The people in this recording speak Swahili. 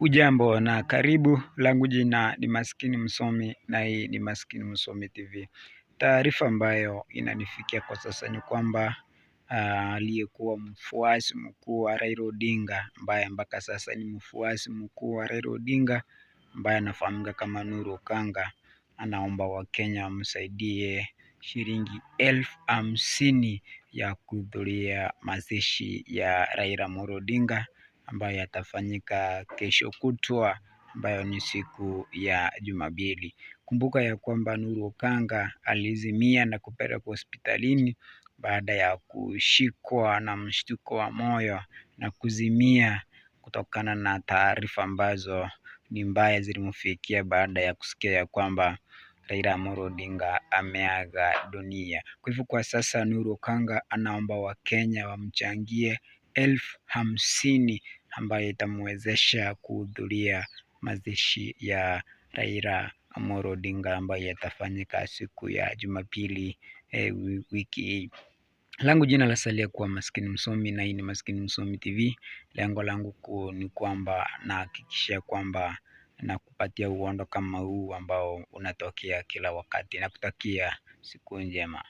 Ujambo na karibu langu jina ni Maskini Msomi na hii ni Maskini Msomi TV. Taarifa ambayo inanifikia kwa sasa ni kwamba ah, aliyekuwa uh, mfuasi mkuu wa Raila Odinga ambaye mpaka sasa ni mfuasi mkuu wa Raila Odinga ambaye anafahamika kama Nuru Okanga anaomba Wakenya wamsaidie shilingi elfu hamsini ya kuhudhuria mazishi ya Raila Amolo Odinga ambayo yatafanyika kesho kutwa ambayo ni siku ya Jumapili. Kumbuka ya kwamba Nuru Okanga alizimia na kupelekwa hospitalini baada ya kushikwa na mshtuko wa moyo na kuzimia kutokana na taarifa ambazo ni mbaya zilimfikia baada ya kusikia ya kwamba Raila Amolo Odinga ameaga dunia. Kwa hivyo kwa sasa Nuru Okanga anaomba Wakenya wamchangie elfu hamsini ambayo itamwezesha kuhudhuria mazishi ya Raila Amolo Odinga ambayo yatafanyika siku ya Jumapili e, wiki hii. Langu jina la salia kuwa Maskini Msomi na hii ni Maskini Msomi TV. Lengo langu kuu ni kwamba nahakikishia kwamba na kupatia uondo kama huu ambao unatokea kila wakati na kutakia siku njema.